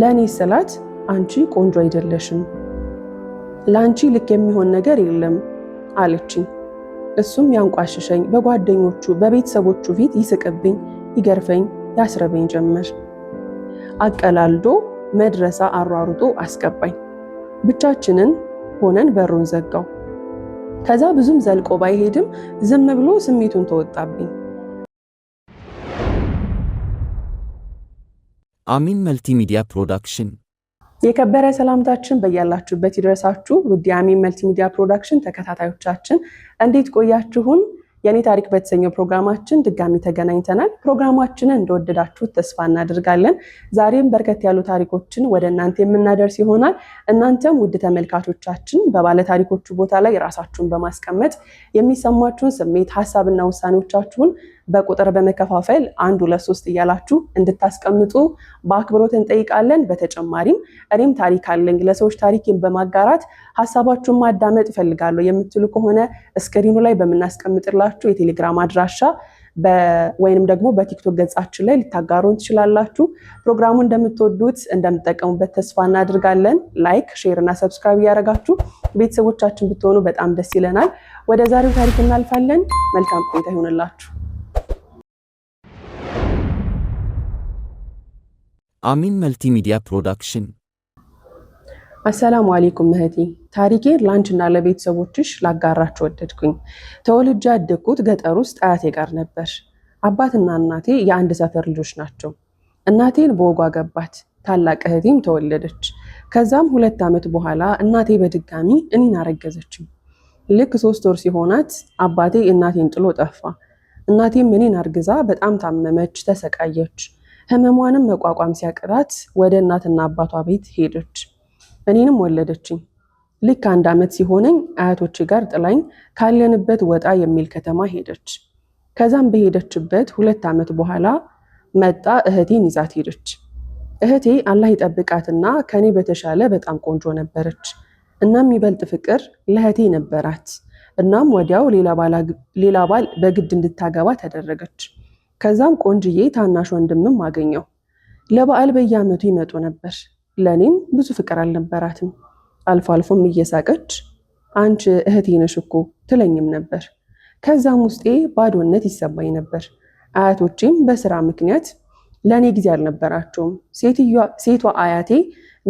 ለእኔ ስላት አንቺ ቆንጆ አይደለሽም፣ ለአንቺ ልክ የሚሆን ነገር የለም አለችኝ። እሱም ያንቋሽሸኝ፣ በጓደኞቹ በቤተሰቦቹ ፊት ይስቅብኝ፣ ይገርፈኝ፣ ያስረበኝ ጀመር። አቀላልዶ መድረሳ አሯሩጦ አስገባኝ። ብቻችንን ሆነን በሩን ዘጋው። ከዛ ብዙም ዘልቆ ባይሄድም ዝም ብሎ ስሜቱን ተወጣብኝ። አሚን መልቲሚዲያ ፕሮዳክሽን የከበረ ሰላምታችን በያላችሁበት ይድረሳችሁ። ውድ የአሚን መልቲሚዲያ ፕሮዳክሽን ተከታታዮቻችን እንዴት ቆያችሁን? የእኔ ታሪክ በተሰኘው ፕሮግራማችን ድጋሚ ተገናኝተናል። ፕሮግራማችንን እንደወደዳችሁት ተስፋ እናደርጋለን። ዛሬም በርከት ያሉ ታሪኮችን ወደ እናንተ የምናደርስ ይሆናል። እናንተም ውድ ተመልካቾቻችን በባለ ታሪኮቹ ቦታ ላይ ራሳችሁን በማስቀመጥ የሚሰማችሁን ስሜት፣ ሀሳብና ውሳኔዎቻችሁን በቁጥር በመከፋፈል አንድ ሁለት ሶስት እያላችሁ እንድታስቀምጡ በአክብሮት እንጠይቃለን። በተጨማሪም እኔም ታሪክ አለኝ ለሰዎች ታሪክን በማጋራት ሀሳባችሁን ማዳመጥ እፈልጋለሁ የምትሉ ከሆነ እስክሪኑ ላይ በምናስቀምጥላችሁ የቴሌግራም አድራሻ ወይንም ደግሞ በቲክቶክ ገጻችን ላይ ልታጋሩን ትችላላችሁ። ፕሮግራሙ እንደምትወዱት እንደምትጠቀሙበት ተስፋ እናድርጋለን። ላይክ፣ ሼር እና ሰብስክራይብ እያደረጋችሁ ቤተሰቦቻችን ብትሆኑ በጣም ደስ ይለናል። ወደ ዛሬው ታሪክ እናልፋለን። መልካም ቆይታ ይሆንላችሁ። አሚን መልቲሚዲያ ፕሮዳክሽን። አሰላሙ አሌይኩም እህቴ፣ ታሪኬን ለአንቺና ለቤተሰቦችሽ ላጋራች ወደድኩኝ። ተወልጄ ያደግኩት ገጠር ውስጥ አያቴ ጋር ነበር። አባትና እናቴ የአንድ ሰፈር ልጆች ናቸው። እናቴን በወጉ አገባት፣ ታላቅ እህቴም ተወለደች። ከዛም ሁለት ዓመት በኋላ እናቴ በድጋሚ እኔን አረገዘችም። ልክ ሶስት ወር ሲሆናት አባቴ እናቴን ጥሎ ጠፋ። እናቴም እኔን አርግዛ በጣም ታመመች፣ ተሰቃየች። ህመሟንም መቋቋም ሲያቅታት ወደ እናትና አባቷ ቤት ሄደች። እኔንም ወለደችኝ። ልክ አንድ ዓመት ሲሆነኝ አያቶች ጋር ጥላኝ ካለንበት ወጣ የሚል ከተማ ሄደች። ከዛም በሄደችበት ሁለት ዓመት በኋላ መጣ እህቴን ይዛት ሄደች። እህቴ አላህ ይጠብቃትና ከኔ በተሻለ በጣም ቆንጆ ነበረች። እናም ይበልጥ ፍቅር ለእህቴ ነበራት። እናም ወዲያው ሌላ ባል በግድ እንድታገባ ተደረገች። ከዛም ቆንጅዬ ታናሽ ወንድምም አገኘው። ለበዓል በየዓመቱ ይመጡ ነበር። ለእኔም ብዙ ፍቅር አልነበራትም። አልፎ አልፎም እየሳቀች አንቺ እህቴ ነሽ እኮ ትለኝም ነበር። ከዛም ውስጤ ባዶነት ይሰማኝ ነበር። አያቶቼም በስራ ምክንያት ለእኔ ጊዜ አልነበራቸውም። ሴቷ አያቴ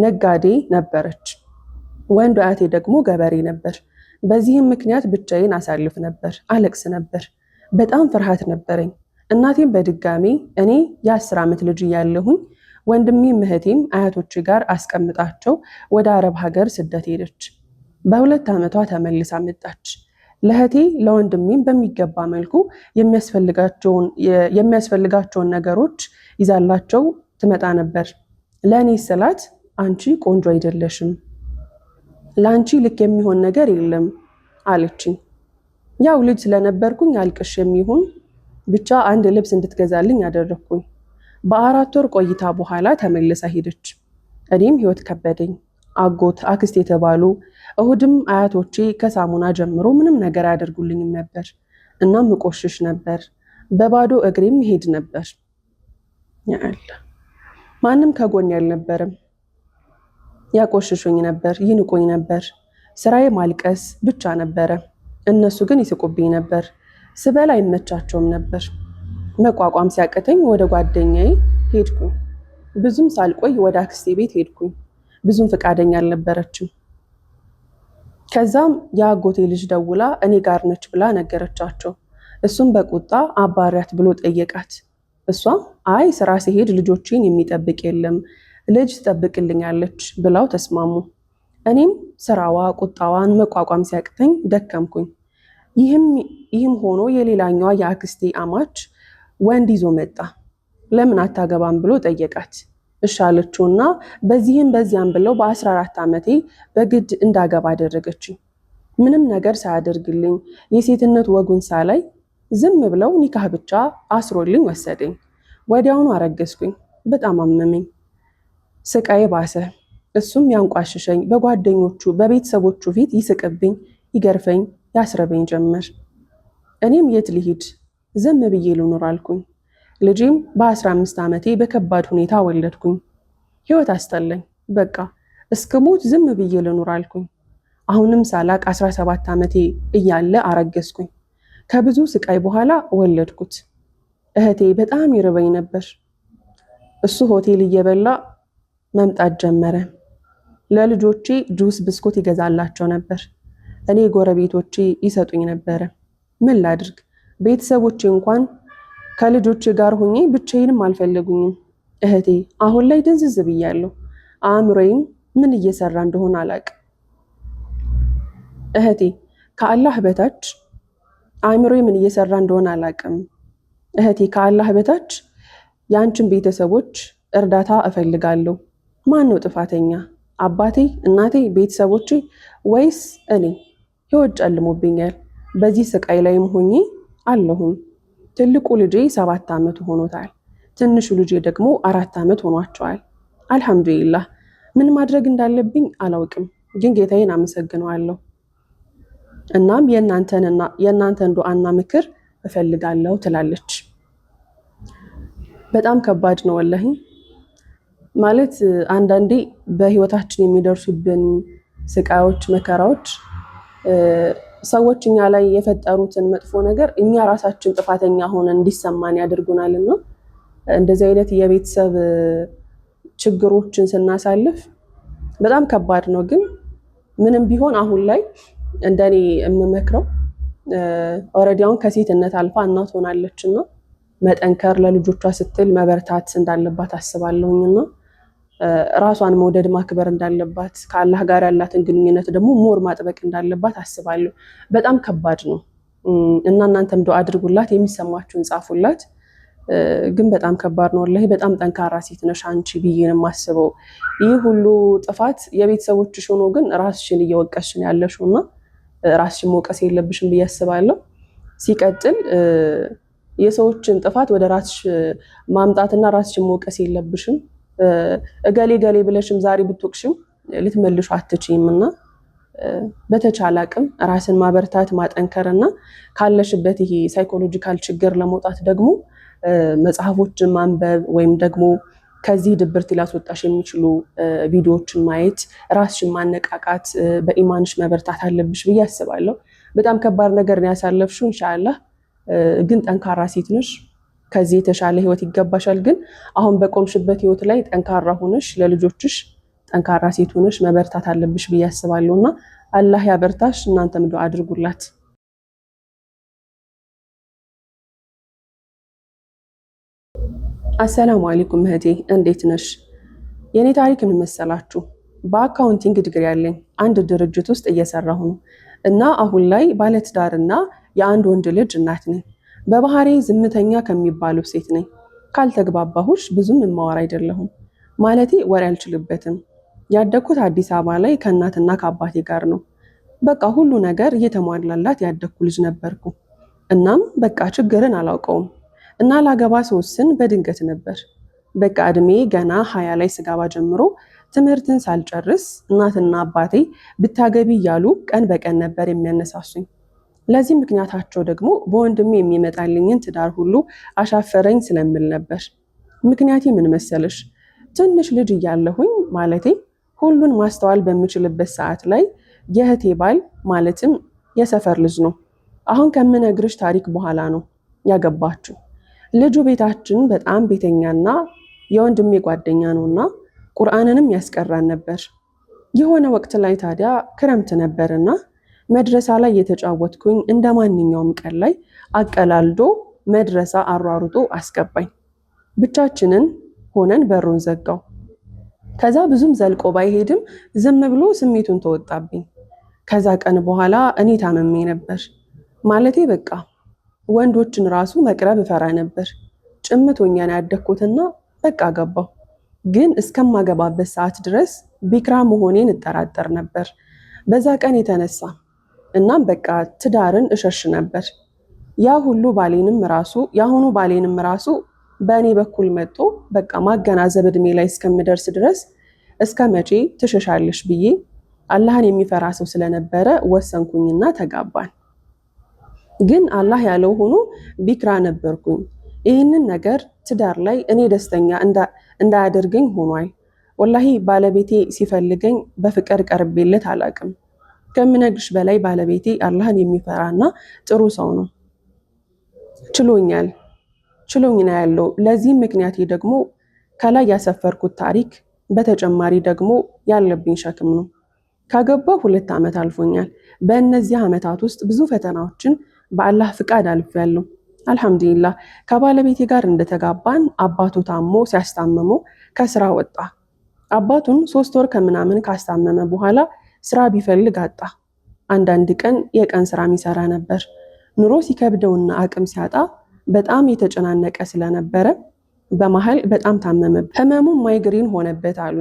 ነጋዴ ነበረች፣ ወንዱ አያቴ ደግሞ ገበሬ ነበር። በዚህም ምክንያት ብቻዬን አሳልፍ ነበር፣ አለቅስ ነበር። በጣም ፍርሃት ነበረኝ። እናቴም በድጋሚ እኔ የአስር ዓመት ልጅ እያለሁኝ ወንድሜም እህቴም አያቶች ጋር አስቀምጣቸው ወደ አረብ ሀገር ስደት ሄደች። በሁለት ዓመቷ ተመልሳ መጣች። ለእህቴ ለወንድሜም በሚገባ መልኩ የሚያስፈልጋቸውን ነገሮች ይዛላቸው ትመጣ ነበር። ለእኔ ስላት አንቺ ቆንጆ አይደለሽም፣ ለአንቺ ልክ የሚሆን ነገር የለም አለችኝ። ያው ልጅ ስለነበርኩኝ አልቅሽ የሚሆን ብቻ አንድ ልብስ እንድትገዛልኝ አደረግኩኝ። በአራት ወር ቆይታ በኋላ ተመልሳ ሄደች። እኔም ህይወት ከበደኝ። አጎት፣ አክስት የተባሉ እሁድም አያቶቼ ከሳሙና ጀምሮ ምንም ነገር አያደርጉልኝም ነበር። እናም እቆሽሽ ነበር። በባዶ እግሬም ሄድ ነበር። ማንም ከጎን ያልነበርም። ያቆሽሹኝ ነበር፣ ይንቁኝ ነበር። ስራዬ ማልቀስ ብቻ ነበረ። እነሱ ግን ይስቁብኝ ነበር። ስበላ አይመቻቸውም ነበር። መቋቋም ሲያቅተኝ ወደ ጓደኛዬ ሄድኩኝ። ብዙም ሳልቆይ ወደ አክስቴ ቤት ሄድኩኝ። ብዙም ፈቃደኛ አልነበረችም። ከዛም የአጎቴ ልጅ ደውላ እኔ ጋር ነች ብላ ነገረቻቸው። እሱም በቁጣ አባሪያት ብሎ ጠየቃት። እሷም አይ ስራ ሲሄድ ልጆችን የሚጠብቅ የለም ልጅ ትጠብቅልኛለች ብላው ተስማሙ። እኔም ስራዋ ቁጣዋን መቋቋም ሲያቅተኝ ደከምኩኝ። ይህም ሆኖ የሌላኛዋ የአክስቴ አማች ወንድ ይዞ መጣ። ለምን አታገባም ብሎ ጠየቃት። እሻለችው እና በዚህም በዚያም ብለው በ14 ዓመቴ በግድ እንዳገባ አደረገችኝ። ምንም ነገር ሳያደርግልኝ የሴትነት ወጉን ሳላይ ዝም ብለው ኒካህ ብቻ አስሮልኝ ወሰደኝ። ወዲያውኑ አረገዝኩኝ። በጣም አመመኝ። ስቃዬ ባሰ። እሱም ያንቋሽሸኝ፣ በጓደኞቹ በቤተሰቦቹ ፊት ይስቅብኝ፣ ይገርፈኝ፣ ያስረበኝ ጀመር። እኔም የት ልሂድ ዝም ብዬ ልኑር አልኩኝ። ልጄም በ15 ዓመቴ በከባድ ሁኔታ ወለድኩኝ። ህይወት አስጠላኝ። በቃ ሞት ዝም ብዬ ልኑር አልኩኝ። አሁንም ሳላቅ 17 ዓመቴ እያለ አረገዝኩኝ። ከብዙ ስቃይ በኋላ ወለድኩት። እህቴ በጣም ይርበኝ ነበር። እሱ ሆቴል እየበላ መምጣት ጀመረ። ለልጆቼ ጁስ፣ ብስኩት ይገዛላቸው ነበር። እኔ ጎረቤቶቼ ይሰጡኝ ነበረ። ምን ላድርግ? ቤተሰቦቼ እንኳን ከልጆቼ ጋር ሆኜ ብቻዬንም አልፈለጉኝም። እህቴ አሁን ላይ ድንዝዝ ብያለሁ። አእምሮዬም ምን እየሰራ እንደሆነ አላቅ። እህቴ ከአላህ በታች አእምሮዬ ምን እየሰራ እንደሆነ አላቅም። እህቴ ከአላህ በታች የአንቺን ቤተሰቦች እርዳታ እፈልጋለሁ። ማን ነው ጥፋተኛ? አባቴ፣ እናቴ፣ ቤተሰቦቼ ወይስ እኔ? ሕይወት ጨልሞብኛል። በዚህ ስቃይ ላይም ሆኜ አለሁም ትልቁ ልጄ ሰባት ዓመት ሆኖታል። ትንሹ ልጄ ደግሞ አራት ዓመት ሆኗቸዋል። አልሐምዱሊላህ ምን ማድረግ እንዳለብኝ አላውቅም፣ ግን ጌታዬን አመሰግነዋለሁ። እናም የእናንተን ዱዓና ምክር እፈልጋለሁ ትላለች። በጣም ከባድ ነው ወላሂ። ማለት አንዳንዴ በህይወታችን የሚደርሱብን ስቃዮች፣ መከራዎች ሰዎች እኛ ላይ የፈጠሩትን መጥፎ ነገር እኛ ራሳችን ጥፋተኛ ሆነ እንዲሰማን ያደርጉናል እና እንደዚህ አይነት የቤተሰብ ችግሮችን ስናሳልፍ በጣም ከባድ ነው። ግን ምንም ቢሆን አሁን ላይ እንደኔ የምመክረው ኦረዲያውን ከሴትነት አልፋ እናት ሆናለች እና መጠንከር፣ ለልጆቿ ስትል መበርታት እንዳለባት አስባለሁኝ እና ራሷን መውደድ ማክበር እንዳለባት ከአላህ ጋር ያላትን ግንኙነት ደግሞ ሞር ማጥበቅ እንዳለባት አስባለሁ። በጣም ከባድ ነው እና እናንተም ዱዓ አድርጉላት፣ የሚሰማችሁን ጻፉላት። ግን በጣም ከባድ ነው። ወላሂ በጣም ጠንካራ ሴት ነሽ አንቺ ብዬ ነው የማስበው። ይህ ሁሉ ጥፋት የቤተሰቦችሽ ሆኖ ግን ራስሽን እየወቀስሽን ያለሽው እና ራስሽን መውቀስ የለብሽም ብዬ አስባለሁ። ሲቀጥል የሰዎችን ጥፋት ወደ ራስሽ ማምጣትና ራስሽን መውቀስ የለብሽም። እገሌ ገሌ ብለሽም ዛሬ ብትወቅሽም ልትመልሹ አትችይም እና በተቻለ አቅም ራስን ማበርታት ማጠንከር እና ካለሽበት ይሄ ሳይኮሎጂካል ችግር ለመውጣት ደግሞ መጽሐፎችን ማንበብ ወይም ደግሞ ከዚህ ድብርት ሊያስወጣሽ የሚችሉ ቪዲዮዎችን ማየት፣ ራስሽን ማነቃቃት፣ በኢማንሽ መበርታት አለብሽ ብዬ አስባለሁ። በጣም ከባድ ነገር ነው ያሳለፍሽው። እንሻላ ግን ጠንካራ ሴት ነሽ። ከዚህ የተሻለ ህይወት ይገባሻል። ግን አሁን በቆምሽበት ህይወት ላይ ጠንካራ ሆነሽ ለልጆችሽ ጠንካራ ሴት ሆነሽ መበርታት አለብሽ ብዬ አስባለሁ እና አላህ ያበርታሽ። እናንተም ዱዓ አድርጉላት። አሰላሙ አለይኩም እህቴ እንዴት ነሽ? የእኔ ታሪክ ምን መሰላችሁ? በአካውንቲንግ ዲግሪ ያለኝ አንድ ድርጅት ውስጥ እየሰራሁ ነው እና አሁን ላይ ባለትዳርና የአንድ ወንድ ልጅ እናት ነኝ። በባህሬ ዝምተኛ ከሚባሉ ሴት ነኝ። ካልተግባባሁሽ ብዙም እማወራ አይደለሁም። ማለቴ ወሬ አልችልበትም። ያደግኩት አዲስ አበባ ላይ ከእናትና ከአባቴ ጋር ነው። በቃ ሁሉ ነገር እየተሟላላት ያደግኩ ልጅ ነበርኩ። እናም በቃ ችግርን አላውቀውም እና ላገባ ስወስን በድንገት ነበር። በቃ እድሜ ገና ሀያ ላይ ስጋባ ጀምሮ ትምህርትን ሳልጨርስ እናትና አባቴ ብታገቢ እያሉ ቀን በቀን ነበር የሚያነሳሱኝ። ለዚህ ምክንያታቸው ደግሞ በወንድሜ የሚመጣልኝን ትዳር ሁሉ አሻፈረኝ ስለምል ነበር። ምክንያቴ ምን መሰልሽ? ትንሽ ልጅ እያለሁኝ ማለቴ ሁሉን ማስተዋል በምችልበት ሰዓት ላይ የእህቴ ባል ማለትም የሰፈር ልጅ ነው። አሁን ከምነግርሽ ታሪክ በኋላ ነው ያገባችው። ልጁ ቤታችን በጣም ቤተኛና የወንድሜ ጓደኛ ነውና ቁርአንንም ያስቀራን ነበር። የሆነ ወቅት ላይ ታዲያ ክረምት ነበርና መድረሳ ላይ የተጫወትኩኝ እንደ ማንኛውም ቀን ላይ አቀላልዶ መድረሳ አሯሩጦ አስገባኝ። ብቻችንን ሆነን በሩን ዘጋው። ከዛ ብዙም ዘልቆ ባይሄድም ዝም ብሎ ስሜቱን ተወጣብኝ። ከዛ ቀን በኋላ እኔ ታመሜ ነበር ማለቴ በቃ ወንዶችን ራሱ መቅረብ እፈራ ነበር። ጭምቶኛን ያደግኩትና በቃ ገባው። ግን እስከማገባበት ሰዓት ድረስ ቢክራ መሆኔን እጠራጠር ነበር በዛ ቀን የተነሳ እናም በቃ ትዳርን እሸሽ ነበር። ያ ሁሉ ባሌንም ራሱ የአሁኑ ባሌንም ራሱ በእኔ በኩል መጥቶ በቃ ማገናዘብ እድሜ ላይ እስከምደርስ ድረስ እስከ መቼ ትሸሻለሽ ብዬ አላህን የሚፈራ ሰው ስለነበረ ወሰንኩኝና ተጋባን። ግን አላህ ያለው ሆኖ ቢክራ ነበርኩኝ። ይህንን ነገር ትዳር ላይ እኔ ደስተኛ እንዳያደርገኝ ሆኗል። ወላሂ ባለቤቴ ሲፈልገኝ በፍቅር ቀርቤለት አላቅም። ከምነግርሽ በላይ ባለቤቴ አላህን የሚፈራና ጥሩ ሰው ነው። ችሎኛል ችሎኝ ነው ያለው። ለዚህም ምክንያቴ ደግሞ ከላይ ያሰፈርኩት ታሪክ፣ በተጨማሪ ደግሞ ያለብኝ ሸክም ነው። ካገባው ሁለት ዓመት አልፎኛል። በእነዚህ ዓመታት ውስጥ ብዙ ፈተናዎችን በአላህ ፍቃድ አልፌያለሁ። አልሐምዱሊላህ ከባለቤቴ ጋር እንደተጋባን አባቱ ታሞ ሲያስታምመው ከስራ ወጣ። አባቱን ሶስት ወር ከምናምን ካስታመመ በኋላ ስራ ቢፈልግ አጣ። አንዳንድ ቀን የቀን ስራ የሚሰራ ነበር። ኑሮ ሲከብደውና አቅም ሲያጣ በጣም የተጨናነቀ ስለነበረ በመሀል በጣም ታመመብኝ። ህመሙም ማይግሪን ሆነበት አሉ።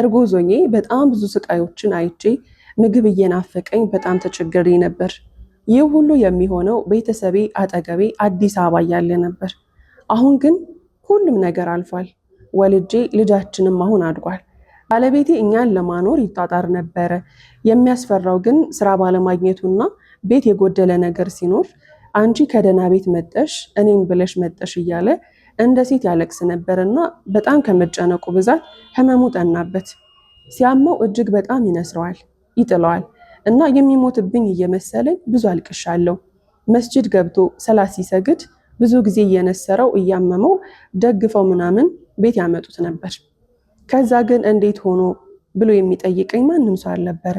እርጎዞኜ በጣም ብዙ ስቃዮችን አይቼ ምግብ እየናፈቀኝ በጣም ተቸግሬ ነበር። ይህ ሁሉ የሚሆነው ቤተሰቤ አጠገቤ አዲስ አበባ እያለ ነበር። አሁን ግን ሁሉም ነገር አልፏል። ወልጄ ልጃችንም አሁን አድጓል። ባለቤቴ እኛን ለማኖር ይጣጣር ነበረ። የሚያስፈራው ግን ስራ ባለማግኘቱና ቤት የጎደለ ነገር ሲኖር አንቺ ከደህና ቤት መጠሽ እኔን ብለሽ መጠሽ እያለ እንደ ሴት ያለቅስ ነበርና በጣም ከመጨነቁ ብዛት ህመሙ ጠናበት። ሲያመው እጅግ በጣም ይነስረዋል፣ ይጥለዋል እና የሚሞትብኝ እየመሰለኝ ብዙ አልቅሻለሁ። መስጅድ ገብቶ ሰላት ሲሰግድ ብዙ ጊዜ እየነሰረው እያመመው ደግፈው ምናምን ቤት ያመጡት ነበር። ከዛ ግን እንዴት ሆኖ ብሎ የሚጠይቀኝ ማንም ሰው አልነበረ።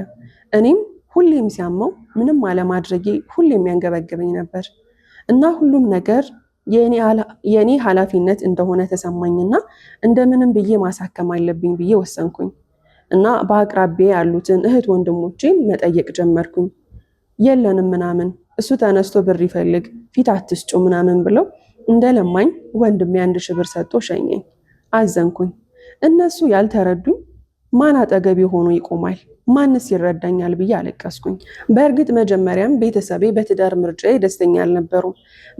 እኔም ሁሌም ሲያመው ምንም አለማድረጌ ሁሌም ያንገበግበኝ ነበር እና ሁሉም ነገር የእኔ ኃላፊነት እንደሆነ ተሰማኝና እንደምንም ብዬ ማሳከም አለብኝ ብዬ ወሰንኩኝ እና በአቅራቢያ ያሉትን እህት ወንድሞቼን መጠየቅ ጀመርኩኝ። የለንም ምናምን እሱ ተነስቶ ብር ይፈልግ ፊት አትስጩ ምናምን ብለው እንደ ለማኝ ወንድሜ አንድ ሺህ ብር ሰጥቶ ሸኘኝ። አዘንኩኝ። እነሱ ያልተረዱኝ ማን አጠገቤ ሆኖ ይቆማል? ማንስ ይረዳኛል ብዬ አለቀስኩኝ። በእርግጥ መጀመሪያም ቤተሰቤ በትዳር ምርጫ ደስተኛ አልነበሩም፣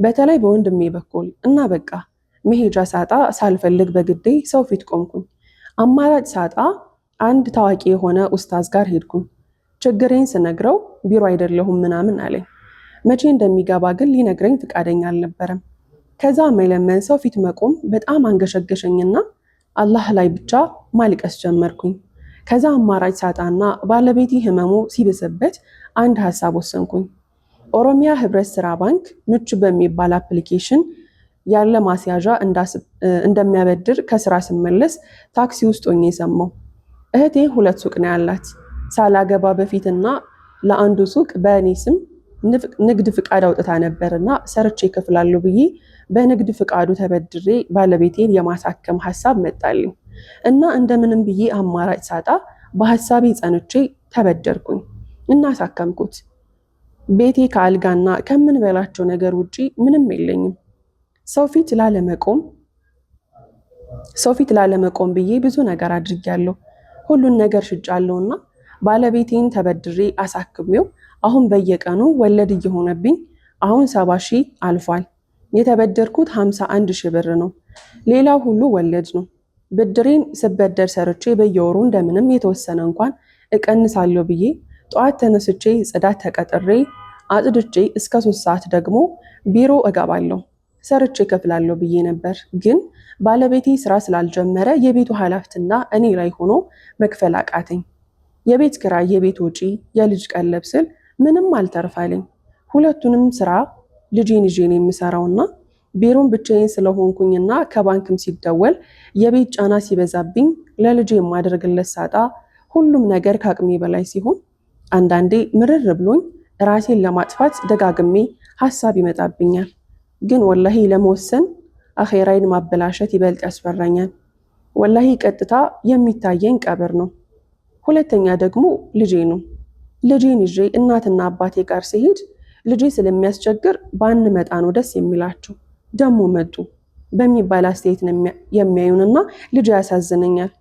በተለይ በወንድሜ በኩል እና በቃ መሄጃ ሳጣ ሳልፈልግ በግዴ ሰው ፊት ቆምኩኝ። አማራጭ ሳጣ አንድ ታዋቂ የሆነ ኡስታዝ ጋር ሄድኩኝ። ችግሬን ስነግረው ቢሮ አይደለሁም ምናምን አለኝ። መቼ እንደሚገባ ግን ሊነግረኝ ፈቃደኛ አልነበረም። ከዛ መለመን ሰው ፊት መቆም በጣም አንገሸገሸኝና አላህ ላይ ብቻ ማልቀስ ጀመርኩኝ። ከዛ አማራጭ ሳጣና ባለቤቴ ህመሙ ሲበሰበት አንድ ሀሳብ ወሰንኩኝ። ኦሮሚያ ህብረት ስራ ባንክ ምቹ በሚባል አፕሊኬሽን ያለ ማስያዣ እንደሚያበድር ከስራ ስመለስ ታክሲ ውስጥ ሆኜ ሰማው። እህቴ ሁለት ሱቅ ነው ያላት። ሳላገባ በፊትና ለአንዱ ሱቅ በእኔ ስም ንግድ ፍቃድ አውጥታ ነበር ሰርቼ ይከፍላሉ ብዬ በንግድ ፍቃዱ ተበድሬ ባለቤቴን የማሳከም ሀሳብ መጣልኝ እና እንደምንም ብዬ አማራጭ ሳጣ በሀሳቤ ጸንቼ ተበደርኩኝ እናሳከምኩት። ቤቴ ከአልጋና ከምንበላቸው ነገር ውጪ ምንም የለኝም። ሰው ፊት ላለመቆም ሰው ፊት ላለመቆም ብዬ ብዙ ነገር አድርጌያለሁ። ሁሉን ነገር ሽጫለሁና ባለቤቴን ተበድሬ አሳክሜው አሁን በየቀኑ ወለድ እየሆነብኝ አሁን ሰባ ሺህ አልፏል። የተበደርኩት ሀምሳ አንድ ሺህ ብር ነው። ሌላው ሁሉ ወለድ ነው። ብድሬን ስበደር ሰርቼ በየወሩ እንደምንም የተወሰነ እንኳን እቀንሳለሁ ብዬ ጠዋት ተነስቼ ጽዳት ተቀጥሬ አጽድቼ እስከ ሶስት ሰዓት ደግሞ ቢሮ እገባለሁ ሰርቼ እከፍላለሁ ብዬ ነበር። ግን ባለቤቴ ስራ ስላልጀመረ የቤቱ ኃላፊነትና እኔ ላይ ሆኖ መክፈል አቃተኝ። የቤት ክራይ፣ የቤት ወጪ፣ የልጅ ቀለብ ስል ምንም አልተርፋልኝ ሁለቱንም ስራ ልጄን ይዤን የምሰራውና ቢሮን ብቻዬን ስለሆንኩኝና ከባንክም ሲደወል የቤት ጫና ሲበዛብኝ ለልጄ የማደርግለት ሳጣ ሁሉም ነገር ከአቅሜ በላይ ሲሆን አንዳንዴ ምርር ብሎኝ ራሴን ለማጥፋት ደጋግሜ ሀሳብ ይመጣብኛል። ግን ወላሂ ለመወሰን አኼራይን ማበላሸት ይበልጥ ያስፈራኛል። ወላሂ ቀጥታ የሚታየኝ ቀብር ነው። ሁለተኛ ደግሞ ልጄ ነው። ልጄን ይዤ እናትና አባቴ ጋር ሲሄድ ልጄ ስለሚያስቸግር ባንመጣ ነው ደስ የሚላቸው፣ ደሞ መጡ በሚባል አስተያየት የሚያዩንና ልጄ ያሳዝነኛል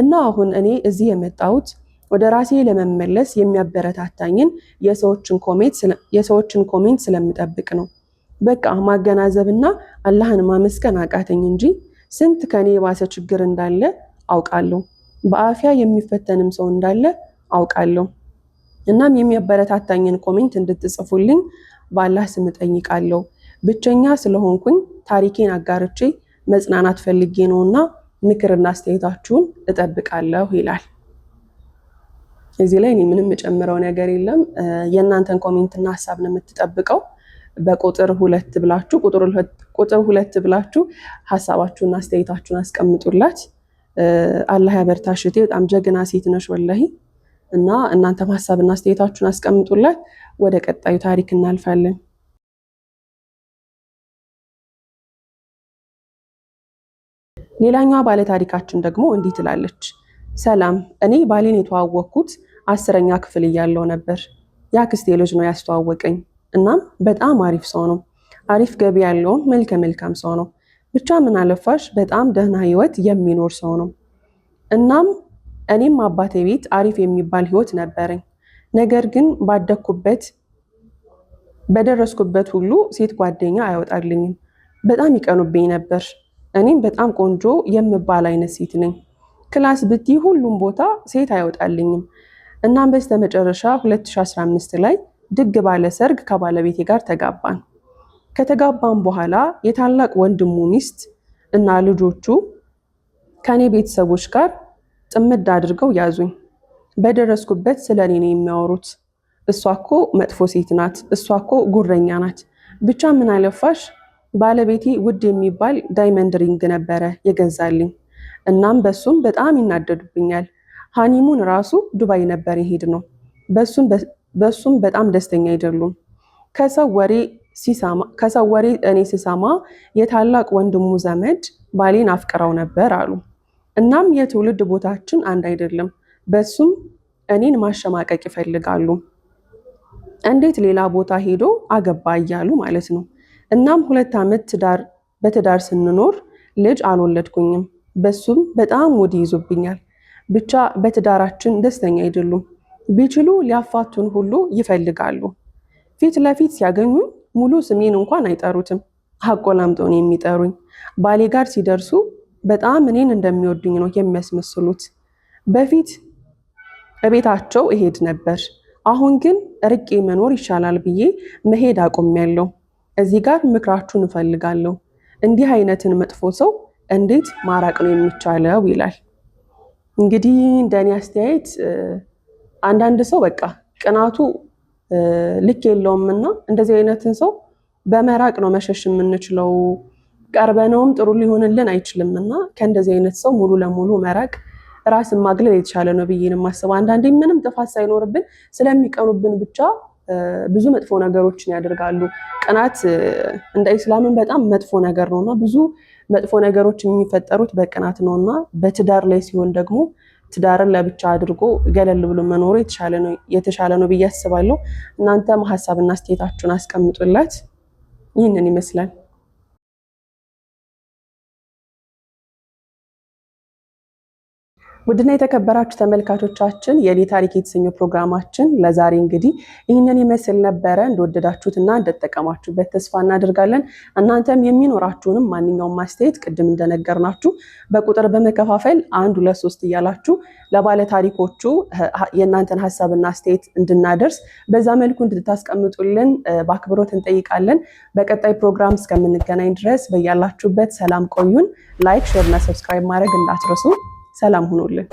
እና አሁን እኔ እዚህ የመጣሁት ወደ ራሴ ለመመለስ የሚያበረታታኝን የሰዎችን ኮሜንት ስለምጠብቅ ነው። በቃ ማገናዘብና አላህን ማመስገን አቃተኝ እንጂ ስንት ከኔ የባሰ ችግር እንዳለ አውቃለሁ። በአፊያ የሚፈተንም ሰው እንዳለ አውቃለሁ። እናም የሚያበረታታኝን ኮሜንት እንድትጽፉልኝ ባላህ ስም እጠይቃለሁ። ብቸኛ ስለሆንኩኝ ታሪኬን አጋርቼ መጽናናት ፈልጌ ነውና ምክርና አስተያየታችሁን እጠብቃለሁ ይላል። እዚህ ላይ እኔ ምንም የጨምረው ነገር የለም። የእናንተን ኮሜንትና ሀሳብ ነው የምትጠብቀው። በቁጥር ሁለት ብላችሁ ቁጥር ሁለት ብላችሁ ሀሳባችሁና አስተያየታችሁን አስቀምጡላት። አላህ ያበርታሽ እህቴ፣ በጣም ጀግና ሴት ነሽ ወላሂ። እና እናንተም ሀሳብና አስተያየታችሁን አስቀምጡላት። ወደ ቀጣዩ ታሪክ እናልፋለን። ሌላኛዋ ባለ ታሪካችን ደግሞ እንዲህ ትላለች። ሰላም፣ እኔ ባሌን የተዋወቅኩት አስረኛ ክፍል እያለው ነበር። የአክስቴ ልጅ ነው ያስተዋወቀኝ። እናም በጣም አሪፍ ሰው ነው። አሪፍ ገቢ ያለውም መልከ መልካም ሰው ነው። ብቻ ምን አለፋሽ በጣም ደህና ህይወት የሚኖር ሰው ነው። እናም እኔም አባቴ ቤት አሪፍ የሚባል ህይወት ነበረኝ። ነገር ግን ባደግኩበት በደረስኩበት ሁሉ ሴት ጓደኛ አይወጣልኝም። በጣም ይቀኑብኝ ነበር። እኔም በጣም ቆንጆ የምባል አይነት ሴት ነኝ። ክላስ ብቲ ሁሉም ቦታ ሴት አይወጣልኝም። እናም በስተመጨረሻ 2015 ላይ ድግ ባለ ሰርግ ከባለቤቴ ጋር ተጋባን። ከተጋባን በኋላ የታላቅ ወንድሙ ሚስት እና ልጆቹ ከእኔ ቤተሰቦች ጋር ጥምድ አድርገው ያዙኝ። በደረስኩበት ስለ እኔ ነው የሚያወሩት። እሷ እኮ መጥፎ ሴት ናት፣ እሷ እኮ ጉረኛ ናት። ብቻ ምን አለፋሽ ባለቤቴ ውድ የሚባል ዳይመንድ ሪንግ ነበረ የገዛልኝ። እናም በሱም በጣም ይናደዱብኛል። ሃኒሙን ራሱ ዱባይ ነበር የሄድ ነው። በሱም በጣም ደስተኛ አይደሉም። ከሰው ወሬ እኔ ስሰማ የታላቅ ወንድሙ ዘመድ ባሌን አፍቅረው ነበር አሉ። እናም የትውልድ ቦታችን አንድ አይደለም። በሱም እኔን ማሸማቀቅ ይፈልጋሉ። እንዴት ሌላ ቦታ ሄዶ አገባ እያሉ ማለት ነው። እናም ሁለት ዓመት ትዳር በትዳር ስንኖር ልጅ አልወለድኩኝም። በሱም በጣም ወዲ ይዞብኛል። ብቻ በትዳራችን ደስተኛ አይደሉም። ቢችሉ ሊያፋቱን ሁሉ ይፈልጋሉ። ፊት ለፊት ሲያገኙ ሙሉ ስሜን እንኳን አይጠሩትም። አቆላምጦን የሚጠሩኝ። ባሌ ጋር ሲደርሱ በጣም እኔን እንደሚወዱኝ ነው የሚያስመስሉት። በፊት እቤታቸው እሄድ ነበር፣ አሁን ግን ርቄ መኖር ይሻላል ብዬ መሄድ አቆሚያለሁ። እዚህ ጋር ምክራችሁን እፈልጋለሁ። እንዲህ አይነትን መጥፎ ሰው እንዴት ማራቅ ነው የሚቻለው? ይላል እንግዲህ እንደኔ አስተያየት አንዳንድ ሰው በቃ ቅናቱ ልክ የለውም እና እንደዚህ አይነትን ሰው በመራቅ ነው መሸሽ የምንችለው። ቀርበነውም ጥሩ ሊሆንልን አይችልም እና ከእንደዚህ አይነት ሰው ሙሉ ለሙሉ መራቅ ራስን ማግለል የተሻለ ነው ብዬ ነው የማስበው። አንዳንዴ ምንም ጥፋት ሳይኖርብን ስለሚቀኑብን ብቻ ብዙ መጥፎ ነገሮችን ያደርጋሉ። ቅናት እንደ ኢስላምን በጣም መጥፎ ነገር ነው እና ብዙ መጥፎ ነገሮች የሚፈጠሩት በቅናት ነው እና በትዳር ላይ ሲሆን ደግሞ ትዳርን ለብቻ አድርጎ ገለል ብሎ መኖሩ የተሻለ ነው ብዬ አስባለሁ። እናንተም ሀሳብና አስተያየታችሁን አስቀምጡላት። ይህንን ይመስላል። ውድና የተከበራችሁ ተመልካቾቻችን የእኔ ታሪክ የተሰኘው ፕሮግራማችን ለዛሬ እንግዲህ ይህንን ይመስል ነበረ። እንደወደዳችሁትና እንደተጠቀማችሁበት ተስፋ እናደርጋለን። እናንተም የሚኖራችሁንም ማንኛውም ማስተያየት ቅድም እንደነገርናችሁ በቁጥር በመከፋፈል አንድ ሁለት ሶስት እያላችሁ ለባለ ታሪኮቹ የእናንተን ሀሳብና አስተያየት እንድናደርስ በዛ መልኩ እንድታስቀምጡልን በአክብሮት እንጠይቃለን። በቀጣይ ፕሮግራም እስከምንገናኝ ድረስ በያላችሁበት ሰላም ቆዩን። ላይክ፣ ሼር እና ሰብስክራይብ ማድረግ እንዳትረሱ። ሰላም ሁኑልን።